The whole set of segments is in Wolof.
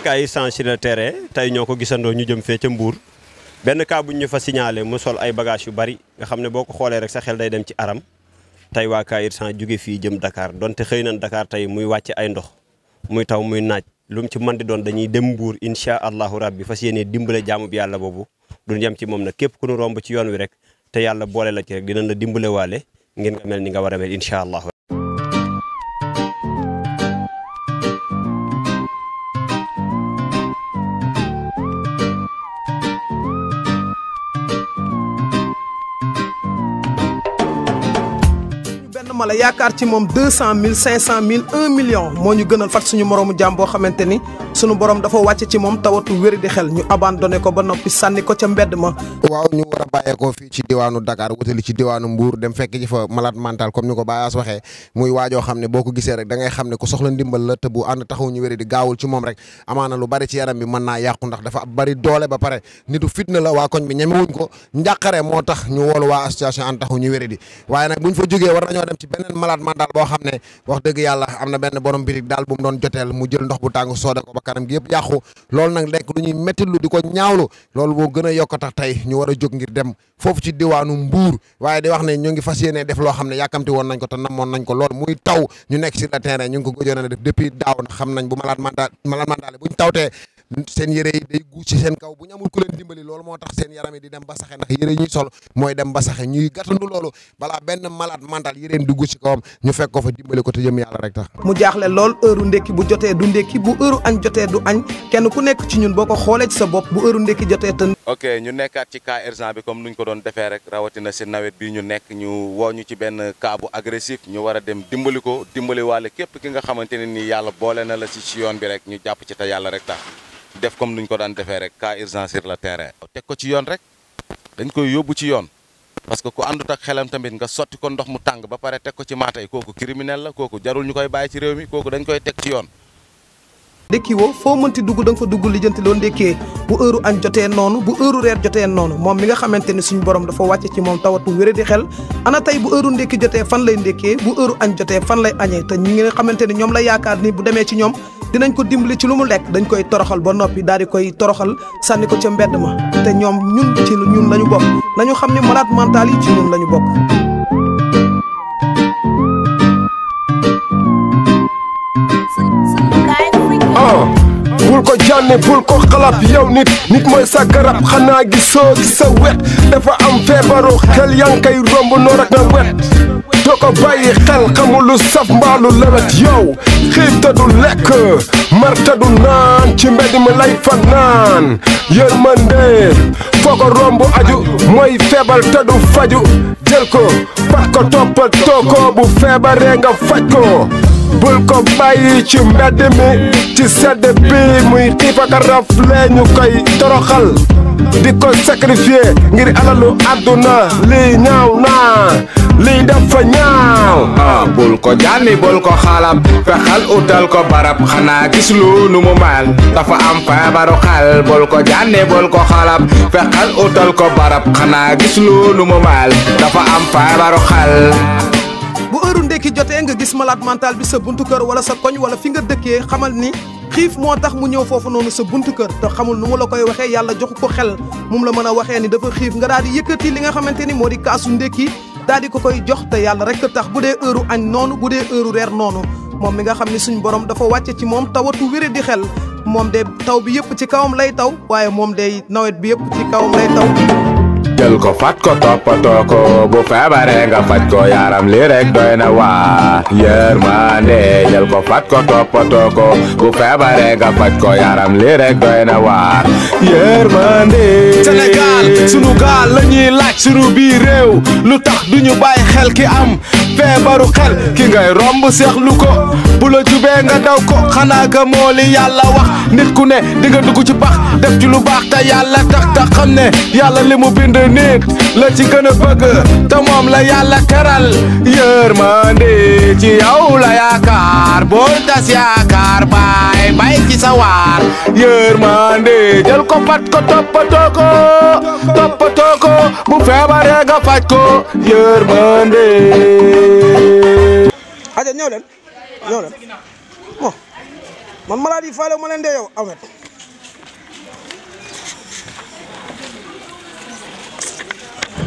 nag ay change sur le tey ñoo ko gisandoo ñu jëm fee ca mbuur benn cas buñ ñu fa signalé mu sol ay bagages yu bari nga xam ne boo ko xoolee rek sa xel day dem ci aram tey waa cas urgent jóge fii jëm dakaar donte xëy na dakaar tey muy wàcce ay ndox muy taw muy naaj lu mu ci man di doon dañuy dem mbuur incha allahu rabbi fas yéene dimbale jaamu bi yàlla boobu duñ yem ci moom na képp ku nu romb ci yoon wi rek te yàlla boole la ci rek dinañ la dimbale waale ngeen nga mel nga war a mel allah. yàlla yaakar ci mom 200000 500000 1 million mo ñu gënal fat suñu morom jam bo xamanteni suñu borom dafa wacc ci mom tawatu wër di xel ñu abandoner ko ba nopi sanni ko ci mbedd ma waaw ñu wara a ko fi ci diwanu Dakar wuteli ci diwanu Mbour dem fekk ji fa malade mental comme ñuko bayas Bayaas muy waajo xam boko gisee rek da ngay xam ku soxla ndimbal la te bu and taxaw ñu wër di gaawul ci mom rek amana lu bari ci yaram bi mën naa ndax dafa bari doole ba pare nitu fitna la wa koñ bi wuñ ko njàqare motax ñu wol wa association an taxaw ñu wër di nak buñ fa war nañu dem ci beneen malade mental boo xam ne wax dëgg yàlla am na benn borom birig daal bu mu doon joteel mu jël ndox bu tàng sooda ko ba kanam gi yëpp yàqu loolu nag lekk lu ñuy méttilu di ko ñaawlu loolu moo gën a yokk tax tey ñu war a jóg ngir dem foofu ci diwaanu Mbuur waaye di wax ne ñu ngi fas yéene def loo xam ne yàkkamti woon nañ ko te namoon nañ ko lool muy taw ñu nekk sur le terrain ñu ngi ko gëjoon a def depuis daaw ndax xam nañ bu malade mental malade buñ tawtee seen yére yi day guus ci seen kaw bu ñu amul ku leen dimbali loolu moo tax seen yaram yi di dem ba saxe ndax yére ñuy sol mooy dem ba saxe ñuy gàttandu loolu balaa benn malade mental yéreen di guus ci kawam ñu fekko ko fa dimbali ko te jëm yàlla rek tax mu jaaxle lool heure ndékki bu jotee du ndékki bu heure añ jotee du añ kenn ku nekk ci ñun boo ko xoolee ci sa bopp bu heure ndékki jotee ten ok ñu nekkaat ci cas urgent bi comme nuñ ko doon defee rek rawatina si nawet bi ñu nekk ñu woo ñu ci benn cas bu ñu war a dem dimbali ko dimbali waale képp ki nga xamante ne nii yàlla boole na la si si yoon bi rek ñu jàpp ci te yàlla rek tax def comme ñu ko daan defee rek cas urgence sur le terrain. teg ko ci yoon rek dañ koy yóbbu ci yoon parce que ku àndut tak xelam tamit nga sotti ko ndox mu tàng ba pare teg ko ci maatay kooku criminel la kooku jarul ñu koy bàyyi ci réew mi kooku dañ koy teg ci yoon. ndékki woo foo mënti dugg danga fa dugg lijjanti loo ndékkee bu heure u añ jotee noonu bu heure u jotee noonu moom mi nga xamante ne suñu borom dafa wàcce ci moom tawatu wéré di xel ana tey bu heure ndekki jotee fan lay ndékkee bu heure u añ jotee fan lay añee te ñi nga xamante ne ñoom la yaakaar ni bu demee ci ñoom dinañ ko dimbali ci lu mu lekk dañ koy toroxal ba noppi daal di koy toroxal sànni ko ca mbedd ma te ñoom ñun ci ñun la ñu bokk nañu xam ne malade mental yi ci ñun la ñu bokk ma ne bul ko xalaat yow nit nit mooy sa garab xanaa gisoo gis sa wet dafa am feebaru xel yaa ngi romb noor ak na wet doo xel xamul lu saf mbaalu lewet yow xiif te du lekk mar te du naan ci mbedd mi lay fanaan yërmande foo ko romb aju mooy feebal te du faju jël ko pax ko toppatoo ko bu feebaree nga faj ko bul ko bàyyi ci mbedd mi ci sedd bi muy xiif ak ñu koy toroxal di ko sacrifier ngir alalu aduna li ñaaw na li dafa ñaaw bul ko jani bul ko xalam fexal utal ko barab xana gis lu nu mu mal dafa am feebaru xal bul ko jani bul ko xalam fexal utal ko barab xana gis lu nu mu mal dafa am ki jotee nga gis malaat mental bi sa buntu kër wala sa koñ wala fi nga dëkkee xamal ni xiif moo tax mu ñëw foofu noonu sa buntu kër te xamul nu mu la koy waxee yàlla joxu ko xel moom la mën a waxee ni dafa xiif nga daal di yëkkati li nga xamante ni moo di kaasu ndékki daal di ko koy jox te yàlla rek tax bu dee heure añ noonu bu dee heure reer noonu moom mi nga xam ni suñ borom dafa wàcce ci moom tawatu wére di xel moom de taw bi yëpp ci kawam lay taw waaye moom de nawet bi yëpp ci kawam lay jël ko fat ko topato ko bu feebaree nga fat ko yaram li rek doy na waa yërmande jël ko fat ko topato ko bu feebaree nga fat ko yaram li rek doy na waar yërmande Sénégal sunu gal la laaj sunu bi réew lu tax duñu bay xel ki am febaru xel ki ngay romb lu ko bu la jubé nga daw ko xana ga mo li yalla wax nit ku ne di nga dugg ci bax def ci lu bax ta yalla tax ta xam yalla limu bind nit la ci gën a bëgg te moom la yàlla teral yërmande ci yow la yaakaar boo tas yaakaar baay bay ci sa waar yërmande jël ko fat ko toppatoo ko toppatoo ko bu feebaree nga faj ko yërmande. aja ñëw leen ñëw leen bon man maladie faale ma leen dee yow Ahmed.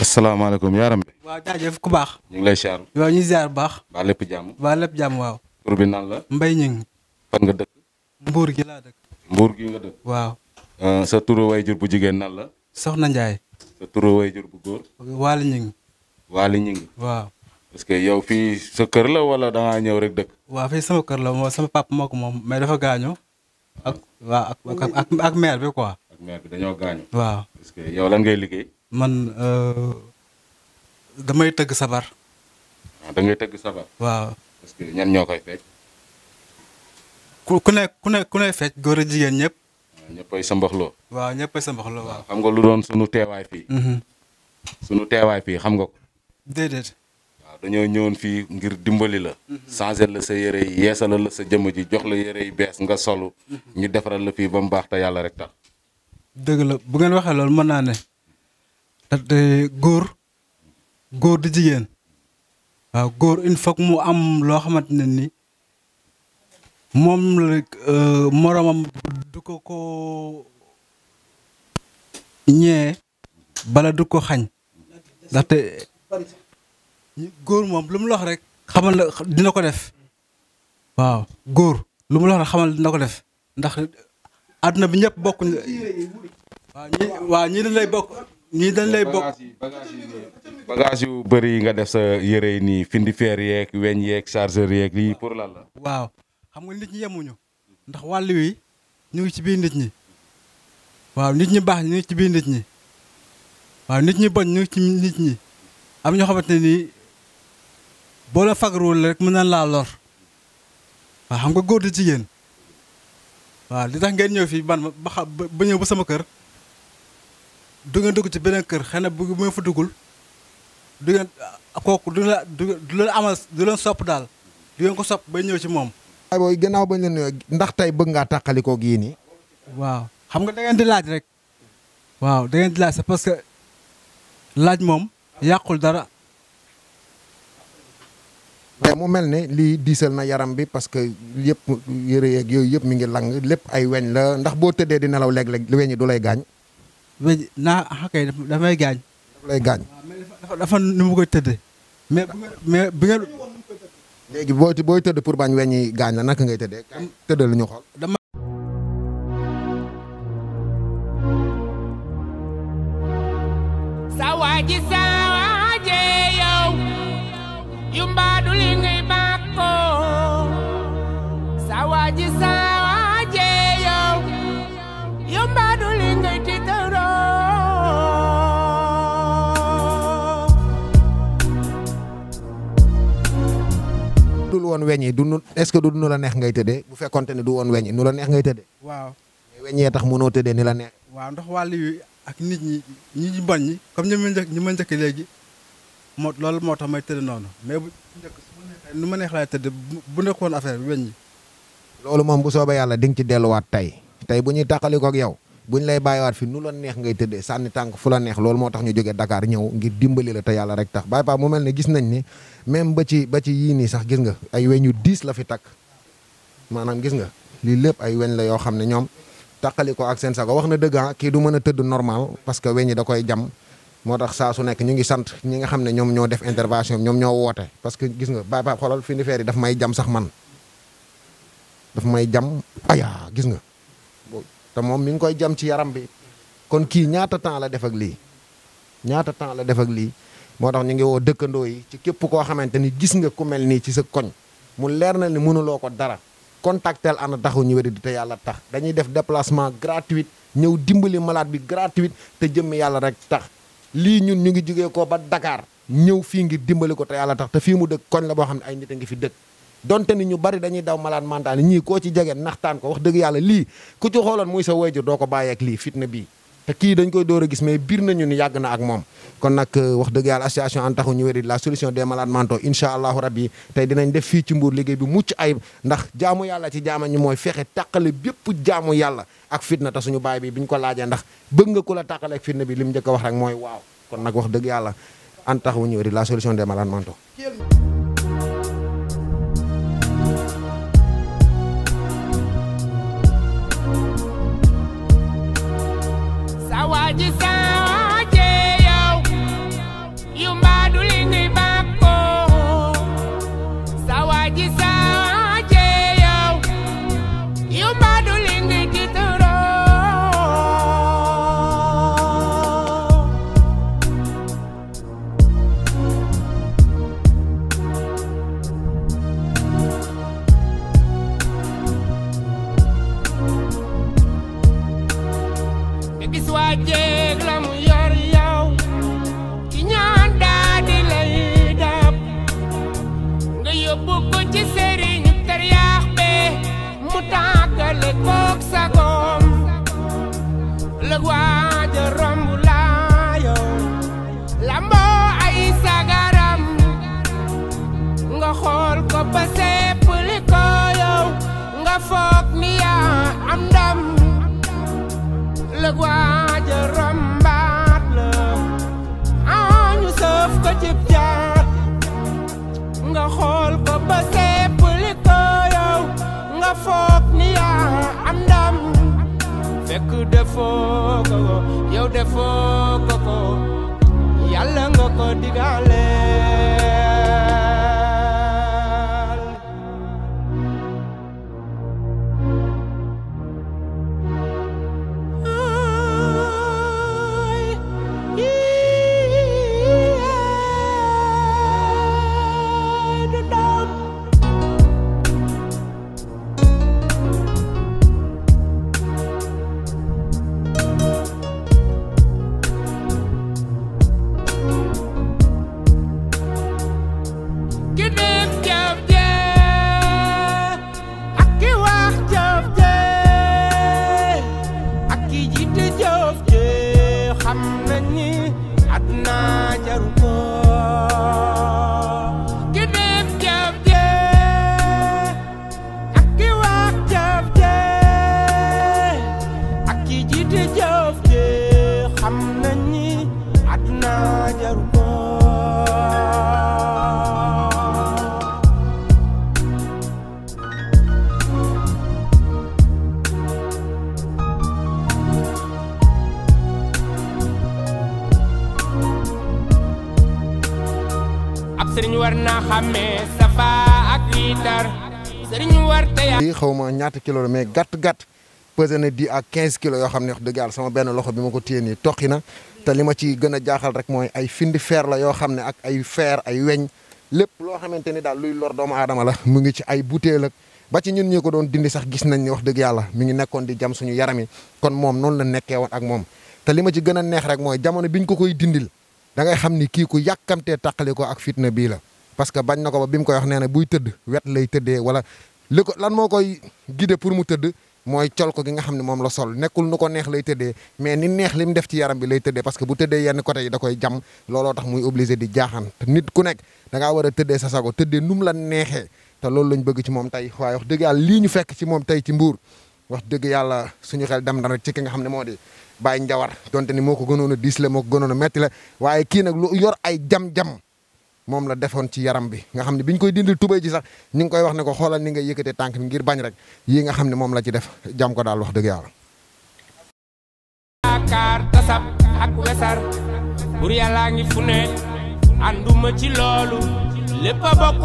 asalaamaaleykum ya bi wa jaajëf ku bax ñu ngi lay xaar waaw ñu ziar bax ba lepp lépp ba lepp lépp waaw tour bi nan la mbay ñing fan nga dekk mbuur gi la dekk mbuur gi nga dekk waaw euh sa tour way jur bu jigen nan la soxna njaay sa tour way jur bu góor wal ñing wal ñing waaw parce que yow fi sa keur la wala da nga ñew rek dekk wa fi sama keur la moom sama pap moko mom may dafa gañu ak wa ak ak ak mère bi quoi ak mère bi dañu gañu waaw parce que yow lan ngay liggey man euh damay teug sabar. Ah, da ngay teug sabar. waaw. parce que ñan ñokay fecc. ku ku ne ku ne ku ne fecc goor jigen ñep ñëpp. waaw ah, sa mboxloo. waaw ñëppay sa mboxloo waaw. Ah, xam nga lu doon suñu sunu fi hmm suñu teewaay fi mhm. xam nga ko. déedéet. waaw dañoo ñewon fi ngir dimbali la. Mhm. changer la sa yére yi la sa jëm ji jox la yére yi bees nga solo mhm. ñu defaral la fi ba mu baax te yàlla rek tax. deug la bu ngeen waxe loolu man na ne. góor góor di jigéen waaw góor il faut mu am loo xamante ne ni moom euh, moroomam du ko ko ñee bala du ko xañ ndaxte góor moom lu mu lox rek xamal dina ko def waaw góor lu mu lox rek xamal dina ko def ndax àdduna bi ñëpp bokk waaw ñi waaw lay bokk ñii dañ lay bokk bagage yu bëri yi nga def sa yére yi nii findi feer yeeg weñ yeeg chargeur yeeg lii pour lan la. waaw xam nga nit ñi yemuñu ndax wàll wi ñu ngi ci biir nit ñi waaw nit ñi baax ñu ngi ci biir nit ñi waaw nit ñi bon ñu ngi ci nit ñi am ñoo xamante ni boo la rek mën na laa lor waa xam nga góor di jigéen waaw li tax ngeen ñëw fii ban ba ba ñëw ba sama kër. du dug ci benen kër xena bu mo fa dugul du ngeen du la du la amal du la sop dal du ngeen ko sop ba ñew ci mom ay boy gënaaw bañ leen nuyoo ndax tay bëgg nga takali ko gi ni waaw xam nga da ngeen di laaj rek. waaw da ngeen di laaj parce que laaj mom yaqul dara. mu mel ne lii diisal na yaram bi parce que yépp yéré ak yoy yépp mi ngi lang lépp ay wéñ la ndax bo tëddee di nelaw lég lég wéñ du lay gaañ. naa ah kay dafa may gaañ. dafa lay gaañ. dafa dafa mais bu mais léegi booy booy tëdd pour bañ weñi gaañ la naka ngay tëddee. tëddal ñu xool. sa waaji sa yow yu woon weñ yi du nu est-ce que du nu la neex ngay tëddee bu fekkonte ne du woon weñ yi nu la neex ngay tëddee. waaw mais weñ yee tax mënoo tëddee ni la neex. waaw ndax wàll yu ak nit ñi ñi ñu bañ ñi comme ñi ma njëkk ñi ma njëkk léegi moo loolu moo tax may tëdd noonu mais bu njëkk su ma neexee nu tëdd bu nekkoon affaire bi weñ loolu moom bu soobee yàlla di nga ci delluwaat tey tey bu ñuy tàqali ko ak yow bu buñ lay bàyyiwaat fi nu la neex ngay tëddee sànni tànk fu la neex loolu moo tax ñu jógee Dakar ñëw ngir dimbali la te yàlla rek tax Baye Paa mu mel ne gis nañ ni même ba ci ba ci yii nii sax gis nga ay weñ yu diis la fi takk maanaam gis nga lii lépp ay weñ la yoo xam ne ñoom taqali ko ak seen sago wax na dëgg ah kii du mën a tëdd normal parce que weñ yi da koy jam moo tax saa su nekk ñu ngi sant ñi nga xam ne ñoom ñoo def intervention ñoom ñoo woote parce que gis nga Baye Paa xoolal fi ni may jam sax man daf may jam aya gis nga te moom mi ngi koy jam ci yaram bi kon kii ñaata temps la def ak lii ñaata temps la def ak lii moo tax ñu ngi woo dëkkandoo yi ci képp koo xamante ni gis nga ku mel nii ci sa koñ mu leer na ni mënuloo ko dara contactel ana taxu ñu wéri di te yàlla tax dañuy def déplacement gratuit ñëw dimbali malaat bi gratuite te jëmm yàlla rek tax lii ñun ñu ngi jugee ko ba dakaar ñëw fii ngir dimbali ko te yàlla tax te fii mu dëkk koñ la boo xam ne ay nit a ngi fi dëkk donte ni ñu bari dañuy daw malan mental ñii ko ci jégen naxtaan ko wax deug yalla li ku ci xooloon muy sa wayjur doko baye ak li fitna bi te ki dañ koy door gis mais biir nañu ni yag na ak mom kon nak euh, wax deug yalla association en taxu ñu wéri la solution des malades mentaux inshallah rabbi tay dinañ def fi ci mbuur liggey bi mucc ayib ndax jaamu yalla ci jaama ñi mooy fexe tàqale jaamu yalla ak fitna ta suñu baye bi biñ ko laaje ndax bëgg nga kula ak fitna bi lim jëk wax rek moy waw kon nak wax deug yalla en taxu ñu wéri la solution des malades mentaux Just sound. defoo ko ko yàlla nga ko digale war lii xaw ma ñaata kilo la mais gàtt gàtt pesé di ak 15 kilos yoo xam ne wax dëgg yàlla sama benn loxo bi ma ko téye nii toqi na te li ma ci gën a jaaxal rek mooy ay findi fer la yoo xam ne ak ay feer ay weñ lépp loo xamante ni daal luy lor doomu aadama la mu ngi ci ay butéel ak ba ci ñun ñi ko doon dindi sax gis nañ ni wax dëgg yàlla mi ngi nekkoon di jam suñu yaram yi kon moom noonu la nekkee woon ak moom te li ma ci gën a neex rek mooy jamono biñ ko koy dindil da ngay xam ni kii ku yàkkamtee tàqale ko ak fitna bii la parce que bañ na ko ba bi mu koy wax nee buy tëdd wet lay tëddee wala ko lan moo koy guider pour mu tëdd mooy col ko gi nga xam ne moom la sol nekkul nu ko neex lay tëddee mais ni neex li mu def ci yaram bi lay tëddee parce que bu tëddee yenn côté yi da koy jam looloo tax muy obligé di jaaxaan nit ku nekk da ngaa a tëddee sa sago tëddee nu mu la neexee te loolu lañ bëgg ci moom tey waaye wax dëgg yàlla lii ñu fekk ci moom tey ci mbuur wax dëgg yàlla suñu xel dem na ci ki nga xam ne moo di Baye Ndiawar donte ni moo ko gënoon diis la moo ko a metti la waaye kii nag lu yor ay jam-jam moom la defoon ci yaram bi nga xam ne bi ñu koy dindil tubay ji sax ñu ngi koy wax ne ko xoolal ni nga yëkkatee tànk bi ngir bañ rek yii nga xam ne moom la ci def jam ko daal wax dëgg yàlla. yaakaar ngi fu ne ànduma ci loolu lépp a bokk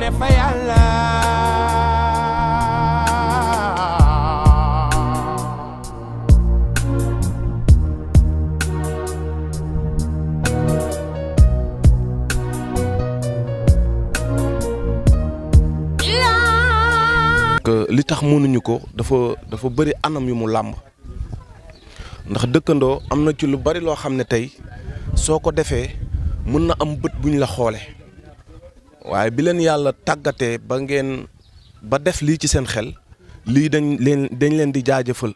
ne fa yàlla li tax mënuñu ko dafa dafa bari anam yu mu làmb ndax dëkkandoo am na ci lu bari loo xam ne tey soo ko defee mën na am bët bu ñu la xoole waaye bi leen yàlla tàggatee ba ngeen ba def lii ci seen xel lii dañ leen dañ leen di jaajëfal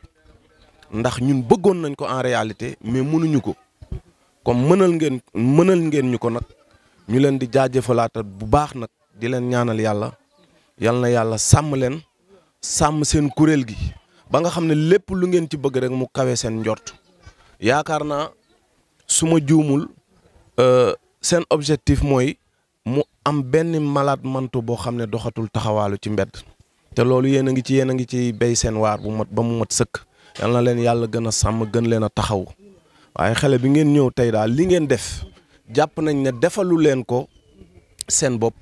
ndax ñun bëggoon nañ ko en réalité mais mënuñu ko comme mënal ngeen mënal ngeen ñu ko nag ñu leen di jaajëfalaata bu baax nag di leen ñaanal yàlla yàlla sàmm leen sàmm seen kuréel gi ba nga xam ne lépp lu ngeen ci bëgg rek mu kawe seen njort yaakaar naa su ma juumul euh, seen objectif mooy mu am benn malaat mantu boo xam ne doxatul taxawaalu ci mbedd te loolu yéen a ngi ci yéen a ngi ci béy seen waar bu mat ba mu mat sëkk yal na leen yàlla gën a sàmm gën leen a taxaw waaye xale bi ngeen ñëw tey daal li ngeen def jàpp nañ ne defalu leen ko seen bopp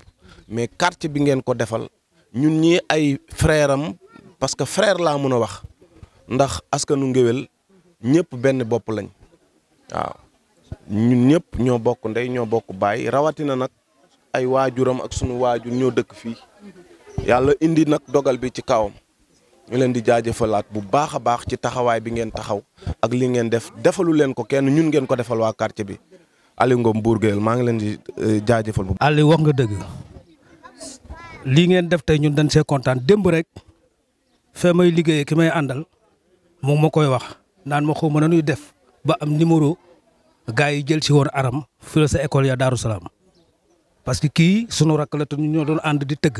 mais quartier bi ngeen ko defal ñun ñi ay frère am parce que frère laa mën a wax ndax nu ngéwél ñëpp benn bopp lañ waaw ñun ñëpp ñoo bokk ndey ñoo bokk baay rawatina nag ay waajuram ak sunu waajur ñoo dëkk fii yàlla indi nag dogal bi ci kawam ñu leen di jaajëfalaat bu baax a baax ci taxawaay bi ngeen taxaw ak li ngeen def defalu leen ko kenn ñun ngeen ko defal waa quartier bi Aliou Ngom Bour maa ngi leen di eh, jaajëfal bu. Aliou wax nga dëgg. lii ngeen def tey ñun dañ see kontaan démb rek fee may liggéeyee ki may àndal moom ma koy wax naan ma xaw na nanuy def ba am numéro gars yi jël si woon aram fi la sa école ya Daaru Salaam parce que kii sunu rakk la te ñoo doon ànd di tëgg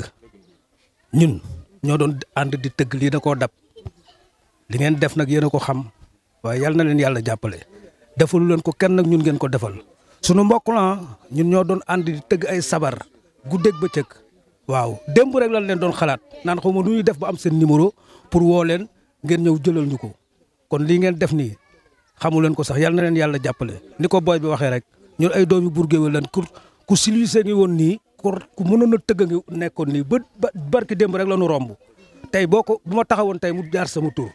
ñun ñoo doon ànd di tëgg lii da koo dab li ngeen def nag yéen ko xam waaye yal na leen yàlla jàppale defalu leen ko kenn nag ñun ngeen ko defal sunu mbokk la ñun ñoo doon ànd di tëgg ay sabar guddeeg bëccëg waaw démb rek lañ leen doon xalaat naan xaw ma ñuy def ba am seen numéro pour woo leen ngeen ñëw jëlal ñu ko kon li ngeen def nii xamu leen ko sax yal na leen yàlla jàppale ni ko booy bi waxee rek ñun ay doomi Bourgéwél lan ku ku silwisee ngi woon nii ku mënoon a tëgg ngi nekkoon nii ba barki démb rek la ñu romb tey boo ko bu ma taxawoon tey mu jaar sama tour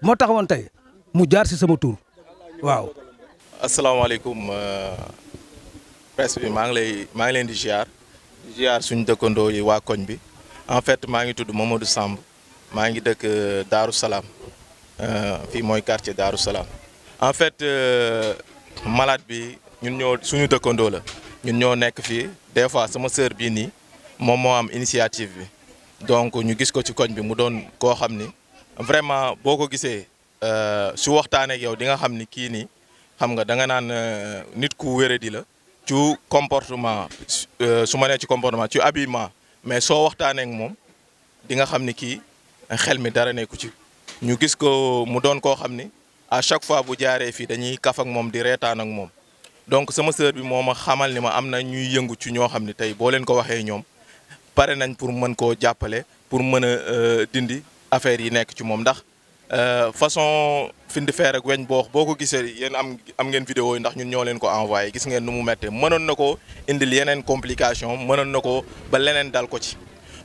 bu ma taxawoon tey mu jaar si sama tour waaw. asalaamaaleykum euh, presse bi maa ngi lay maa ngi leen di ziar. ziar suñ dëkkandoo yi waa koñ bi en fait maa ngi tudd Mamadou Samb maa ngi dëkk euh, Daaru Salaam euh, fii mooy quartier Daaru Salaam en fait euh, malaat bi ñun ñoo suñu dëkkandoo la ñun ñoo nekk fii des fois sama sœur bii nii moom moo am initiative bi donc ñu gis ko ci koñ bi mu doon koo xam ni vraiment boo ko gisee su waxtaanee ak yow di nga xam ni kii nii xam nga da nga naan nit ku di la. tu comportement euh, su ma nee ci comportement tu habillement mais so waxtane ak mom di nga xamni ki kii xel mi dara nekku ci ñu gis ko mu doon ko xamni ni à chaque fois bu jaaree fi dañuy kaf ak mom di reetaan ak mom donc sama sœur bi moma xamal ni ma amna ñuy yëngu ci ño xamni tay bo leen ko waxé ñom paré nañ pour mën ko jappalé pour mëna a euh, dindi affaire yi nekk ci mom ndax euh façon findi feer ak weñ boo boo ko gisee yéen am am ngeen vidéo yi ndax ñun ñoo leen ko envoyé gis ngeen nu mu méttee mënoon na ko indil yeneen complication mënoon na ko ba leneen dal ko ci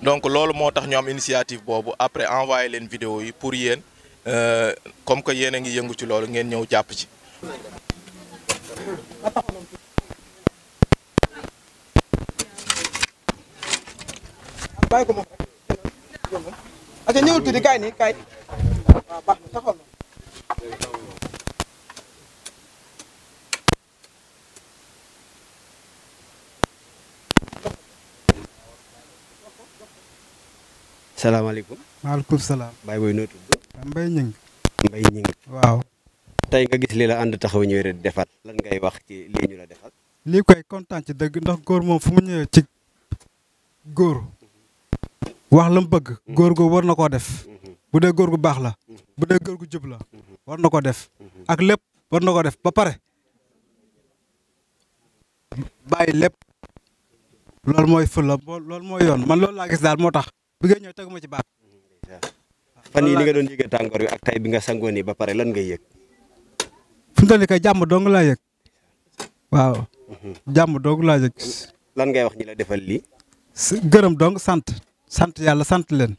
donc loolu moo tax ñu am initiative boobu après envoyé leen vidéo yi pour yéen euh, comme que yéen a ngi yëngu ci loolu ngeen ñëw jàpp ci bàyyi Assalamualaikum. maaleykum salaam Baye Boye noo tudd Mbaye Ñing Mbaye Ñing waaw tey nga gis lii la ànd taxaw ñëwee defaat lan ngay wax ci lii ñu la defal lii koy kontaan ci gur ndax góor moom fu mu ñëwee ci wax bëgg mhm. gu war na def mhm. bu gur góor gu baax la mhm. bu dee góor gu jub la war def ak lépp war na def ba pare lep. lépp loolu mooy fulla loolu mooy yoon man loolu laa gis daal bi ngay ñëw teguma ci baat. fan yii ni nga doon yëgee tàngoor wi ak tay bi nga sangoon nii ba pare lan ngay yëg. fu mu toll nii kay laa yëg. waaw. jàmm dong laa lan ngay wax ñi la defal li gërëm dong sant. sant yàlla sant leen.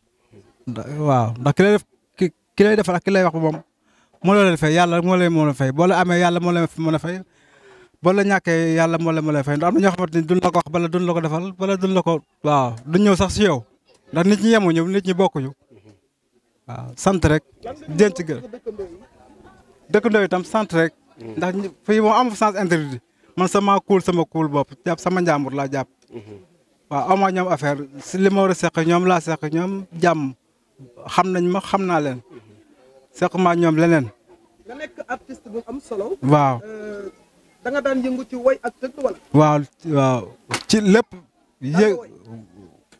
waaw ndax ki lay def ki ki defal ak ki lay wax moom moo la leen fay yàlla moo leen mën a fay boo la amee yàlla moo leen mën a fay boo la yàlla moo leen mën a fay ndax am na ñoo xamante ni duñ la ko wax bala duñ la ko defal bala duñ la ko. waaw duñ ñëw sax si yow. ndax nit ñi yemuñu nit ñi bokkuñu waaw sant rek jën ci gërëm dëkkandoo itam sant rek. ndax fii moom amu sens interdit man sama kuul sama kuul bopp jàpp sama njàmbur laa jàpp. waaw amoo ñoom affaire si li ma war a ñoom laa seq ñoom jàmm xam nañ ma xam naa leen seq maa ñoom leneen. nga nekk euh, waaw waaw ci lépp. yë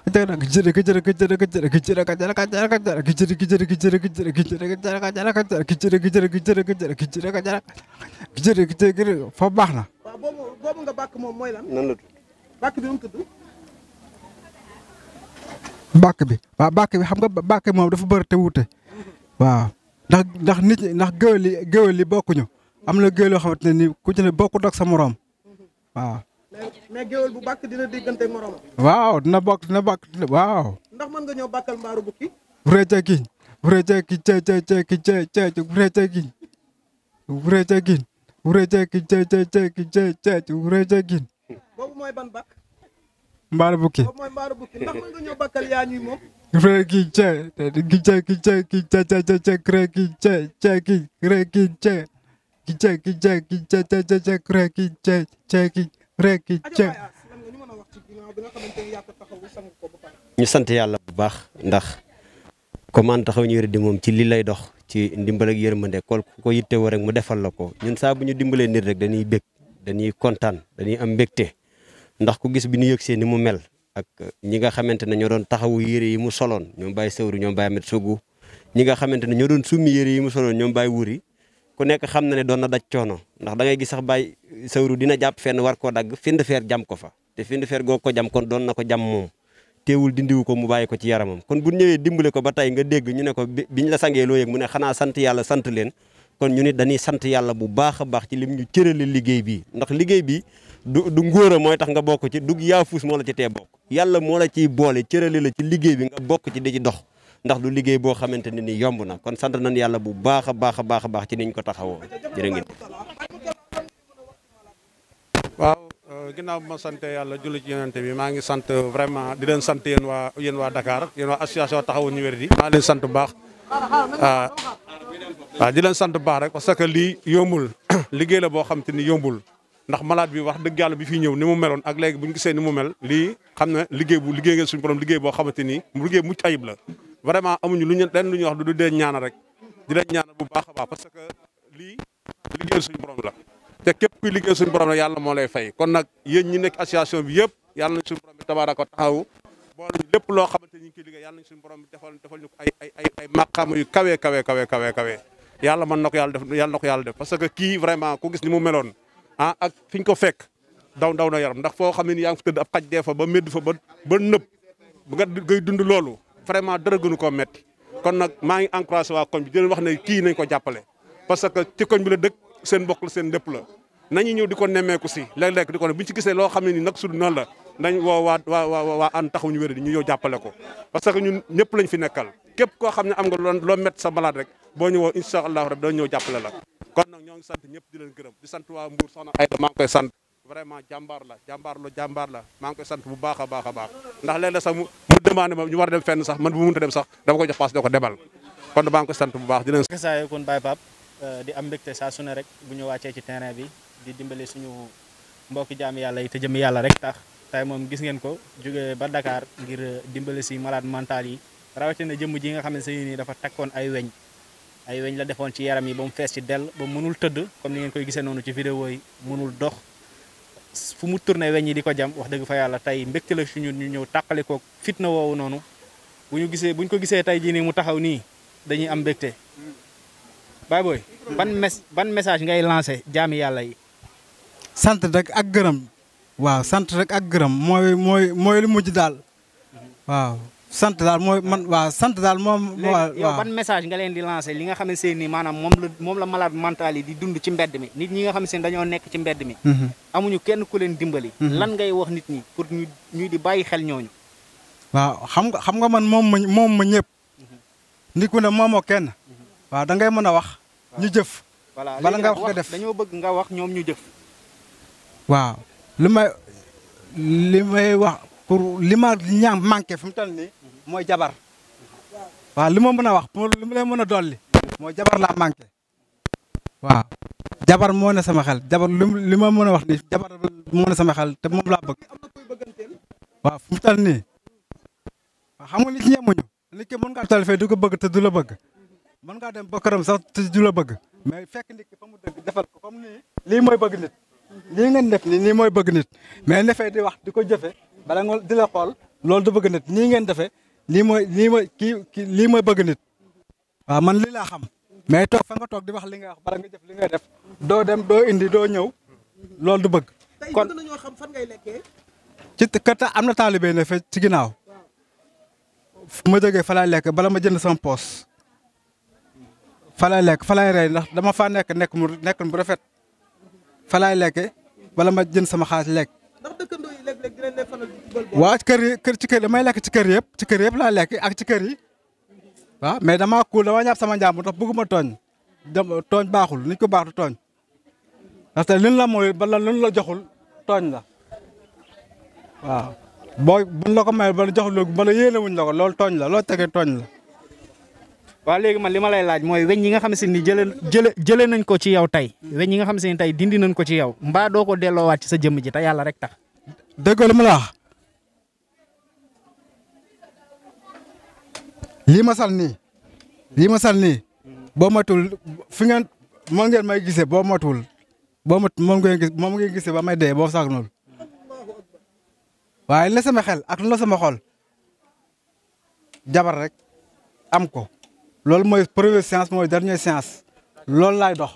foofu baax na. waaw boobu boobu nga bàkk moom mooy lan. nan la tudd. bàkk bi nu mu tudd. bàkk bi waaw bàkk bi xam nga bàkk bi moom dafa bëri te wuute. waaw ndax ndax nit ñi ndax géwél yi géwél yi bokkuñu am na géwél yoo xamante ne nii ku ci ne bokkut ak sa moroom waaw. mais bu bàkk dina diggante ak moromam. waaw dina bokk dina bàkk waaw. ndax mën nga ñëw bàkkal mbaaru bukki. wurete gi wurete gi cee cee cee ki cee cee wurete gi wurete gi wurete rekki cëg kan ñu sant yàlla bu baax ndax commande taxaw ñu di moom ci li lay dox ci ndimbal ak yërmande kool ku ko yitte woo rek mu defal la ko ñun saa bu ñu dimbalee nit rek dañuy bég dañuy kontaan dañuy am mbégte ndax ku gis bi ñu yëgsee ni mu mel ak ñi nga xamante ñoo doon taxawu yére yi mu soloon ñoom bàyyi sawru ñoom bàyyi amet sugu ñi nga xamante ñoo doon summi yére yi mu soloon ñoom wuri ku nekk xam na ne doon na daj coono ndax da ngay gis sax bàyyi sawru dina jàpp fenn war koo dagg find feer jam ko fa te find feer goo ko jam kon doon na ko jam moom teewul dindiwu ko mu bàyyi ko ci yaramam kon bu ñëwee dimbale ko ba tey nga dégg ñu ne ko biñ la sangee loo yëg mu ne xanaa sant yàlla sant leen kon ñu ni dañuy sant yàlla bu baax a baax ci lim ñu cërale liggéey bi ndax liggéey bi du du ngóor mooy tax nga bokk ci du yaafuus moo la ci tee bokk yàlla moo la ciy boole cërale la ci liggéey bi nga bokk ci di ci dox ndax du liggey bo xamanteni ni yomb na kon sant nañ yalla bu baax a baax a baax ci niñ ko taxawo jërë ngeen waaw euh, ginaaw ma sante yalla jullu ci yonante bi ma ngi sante vraiment di len sante yeen wa yeen wa Dakar yeen wa association taxawu ñu wérdi maa leen sant bu baax ah di len sante baax rek parce que li yombul liggey la bo xamanteni yomul yombul ndax malade bi wax deug yalla bi fi ñew ni mu meloon ak legi buñu gisee ni mu mel li xamna liggey bu liggey ngeen suñu borom liggey bo xamanteni ni mucc ayib la vraiment amuñu lu ñu lenn lu ñuy wax du dee ñaanal rek di leen ñaanal bu baax a baax parce que lii liggéeyal suñu borom la te képp kuy liggéeyal suñu borom la yàlla moo lay fay kon nag yéen ñi nekk association bi yëpp yàlla nañ suñu borom bi tabaaraka taxaw boole ñu lépp loo xamante ni ñu ngi koy liggéey yàlla nañ suñu borom bi defal defal ñu ko ay ay ay ay màqaam yu kawe kawe kawe kawe kawe yàlla mën na ko yàlla def yàlla na ko yàlla def parce que kii vraiment ku gis ni mu meloon ah ak fi ñu ko fekk daw daw na yaram ndax foo xam ne ni yaa ngi fa tëdd ab xaj dee fa ba médd fa ba ba nëb nga ngay dund loolu vraiment dara gënu koo metti kon nag maa ngi encouragé waa koñ bi di leen wax ne kii nañ ko jàppale parce que ci koñ bi la dëkk seen mbokk la seen lépp la nañu ñëw di ko nemmeeku si léeg-léeg di ko ne bu ci gisee loo xam ne ni nag su noonu la nañ woo waa waa waa waa an taxawu ñu wér ñu ñëw jàppale ko parce que ñun ñëpp lañ fi nekkal képp koo xam ne am nga loo métti sa malade rek boo ñëwoo incha allahu rabi doo ñëw jàppale la kon nag ñoo ngi sant ñëpp di leen gërëm sant waa Mbour soxna Ayda maa ngi koy sant vraiment jàmbaar la jàmbaar la jàmbaar la maa ngi koy sant bu baax a baax a baax ndax léeg-léeg sax mu mu demandé ma ñu war a dem fenn sax man bu mu mënta dem sax dama ko jox paas da ko demal kon maa ngi koy sant bu baax di leen. saa kon Baye Pape euh, di am mbégte saa su ne rek bu ñu wàccee ci terrain bi di dimbale suñu mbokki jaami yàlla yi te jëm yàlla rek tax tey moom gis ngeen ko jógee ba Dakar ngir euh, dimbale si malade mantaal yi rawatina jëmm ji nga xamante ne nii dafa takkoon ay weñ ay weñ la defoon ci yaram yi ba mu fees dell ba mënul tëdd comme ni ngeen koy gisee noonu ci vidéo yi mënul dox fu mu tourné weñ yi di ko jam wax dëgg fa yàlla tey mbégte la si ñun ñu ñëw tàqale ko fitna woowu noonu bu ñu gisee bu ñu ko gisee tey jii nii mu taxaw nii dañuy am mbégte. baay booy ban message ngay lancé jaami yàlla yi. sant rek ak gërëm. waaw sant rek ak gërëm mooy mooy mooy lu mujj daal waaw. sant daal mooy man waaw sant daal moom. waaw yow ban message nga leen di lancé li nga xam ne ni maanaam moom la moom la malade di dund ci mbedd mi nit ñi nga xam ne dañoo nekk ci mbedd mi. Mhm. amuñu kenn ku leen dimbali. Mhm. lan ngay wax nit ñi pour ñu di bàyyi xel ñooñu. waaw xam nga xam nga man moom ma moom ma ñëpp. Mhm. nit ku ne moomoo kenn. waaw da ngay mën a wax. ñu jëf. bala nga wax nga def dañoo bëgg nga wax ñoom ñu jëf. waaw li may li may wax. pour lima ñam manké manqué fu mu toll jabar wa lima mëna wax pour lima lay mëna dolli jabar la manké wa jabar mo ne sama xel jabar lima mëna wax ni jabar mo ne sama xel te mom la bëgg wa fu mu ni nii xam nga li ci ñamuñu ni ke mën nga tal fee du ko bëgg te du la bëgg mën nga dem ba sax te du la bëgg mais fekk ni ke famu dëgg defal ko comme ni li moy bëgg nit li ngeen def ni ni moy bëgg nit mais ne fee di wax di ko bala nga di la xool loolu du bëgg nit nii ngeen defee lii mooy nii mooy kii lii mooy bëgg nit waaw man lii laa xam mais toog fan nga toog di wax li nga wax bala nga jëf li nga def doo dem doo indi doo ñëw loolu du bëgg kon ci kat am na taalibe ne fe ci ginnaaw fu ma jógee fa laay lekk bala ma jënd sama poos fa laay lekk fa laay rey ndax dama faa nekk nekk mu nekk bu rafet fa laay lekke bala ma jën sama xaalis lekk ndax dëkkandoo yi léeg kër yi kër ci kër damay lekk ci kër yëpp ci kër yëpp laa lekk ak ci kër yi waaw mais damaa kuul dama ñàpp sama njàmbur ndax bëgguma tooñ dama tooñ baaxul niñ ko baax du tooñ parce que liñ la mooy ba luñ la joxul tooñ la waaw boo buñ la ko may ba la joxul ba la yéene wuñ la ko loolu tooñ la loolu tegee tooñ la. waa léegi man li ma lay laaj mooy weñ yi nga xam si ni jëlee jële jëlee nañ ko ci yow tey weñ yi nga xam si ni tey dindi nañ ko ci yow mbaa doo ko delloowaat ci sa jëmm ji te yàlla rek tax. dëgg la mu la lii ma sal nii lii ma sal nii boo matul fi ngeen moom ngeen may gisee boo matul boo mat moom ngeen gis moom ngeen gisee ba may dee boo sagnul waaye la sama xel ak la sama xol jabar rek am ko. loolu mooy première séance mooy dernière séance loolu laay dox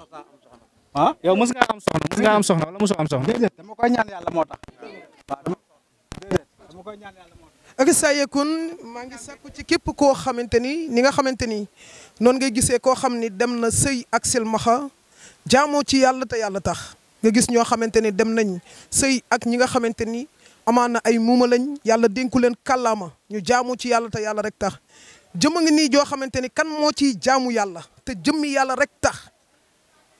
ah. yow mës ngaa am soxna mës ngaa am soxna wala mosoo am soxna. déedéet dama koy ñaan yàlla moo tax waaw dama koy ñaan yàlla moo tax. ak saa maa ngi sakku ci képp koo xamante ni ni nga xamante ni noonu ngay gisee koo xam ni dem na sëy ak silmaxa jaamoo ci yàlla te yàlla tax nga gis ñoo xamante ni dem nañ sëy ak ñi nga xamante ni amaan na ay muuma lañ yàlla dénku leen kàllaama ñu jaamoo ci yàlla te yàlla rek tax. jëmm a ngi nii joo xamante ni kan moo ciy jaamu yàlla te jëmmi yàlla rek tax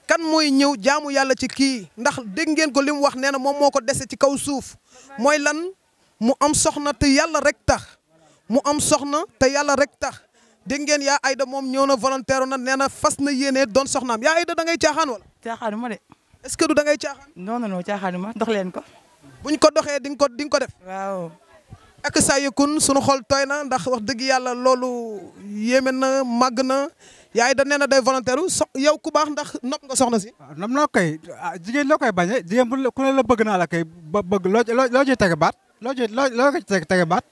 kan mooy ñëw jaamu yàlla ci kii ndax dégg ngeen ko li mu wax nee na moom moo ko dese ci kaw suuf mooy lan mu am soxna te yàlla rek tax mu am soxna te yàlla rek tax dégg ngeen yaa Aida moom ñëw na volontaire na nee na fas na yéenee doon soxnaam yaa Aida da ngay caaxaan wala. caaxaanu ma de. est-ce da ngay caaxaan. non non non caaxaanu ma dox leen ko. bu ñu ko doxee dinga ko di ko def. ak saa yëkkun sunu xol tooy na ndax wax dëgg yàlla loolu yéeme na màgg na yaay da nee na day volontaire so yow ku baax ndax nopp nga soxna si. waaw ah, nam noo koy ah, jigéen loo koy bañee jigéen bu ku ne la bëgg naa la koy ba bëgg loo loo loo ciy tege baat loo ciy loo loo ko ciy tege baat.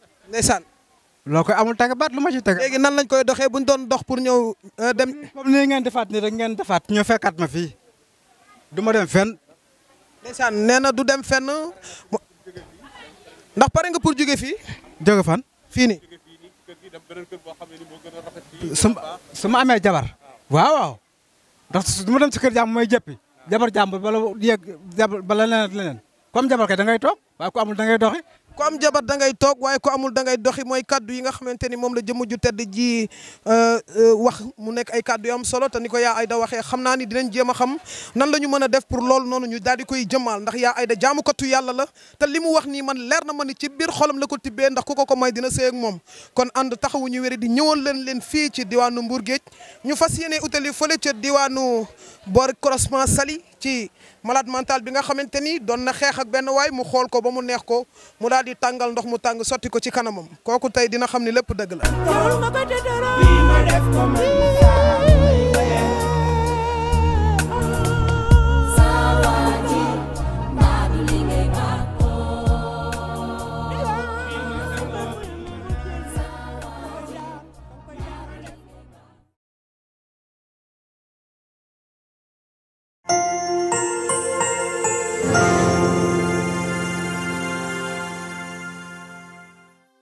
loo koy amul tege baat lu ma ciy tege. léegi nan lañ koy doxee bu ñu doon dox pour ñëw euh, dem. comme ngeen defaat nii rek ngeen defaat ñu fekkaat ma fii du ma dem fenn. ndeysaan nee na du dem fenn ndax pare nga pour jóge fii. jóge fan fii nii. su su ma amee jabar. waaw waaw su ma dem si kër jàmm may jëppi. jabar jàmm bala yegg jabar bala leneen leneen comme jabar kay da ngay toog waaye ku amul da ngay doxi ku am jabar da toog waaye ko amul da ngay doxi mooy kàddu yi nga xamante ni moom la jëmm ju tedd ji euh, euh, wax mu nekk ay kaddu yu am solo te ni ko yaa Ayda waxee xam naa ni dinañ jéem a xam nan la ñu mën a def pour loolu noonu ñu daal di koy jëmmaal ndax yaa Ayda jaamukatu yàlla la te li mu wax nii man leer na ma ni ci biir xolam la ko tibbee ndax ku ko ko may dina sëy ak moom kon ànd taxawu ñu wéri di ñëwoon leen leen fii ci diwaanu Mbour ñu fas yéene utali fële ca diwaanu boor croisement Saly ci malade mental bi nga xamante ni doon na xeex ak benn waay mu xool ko ba mu neex ko mu daal di tàngal ndox mu tàng sotti ko ci kanamam kooku tey dina xam ni lépp dëgg la.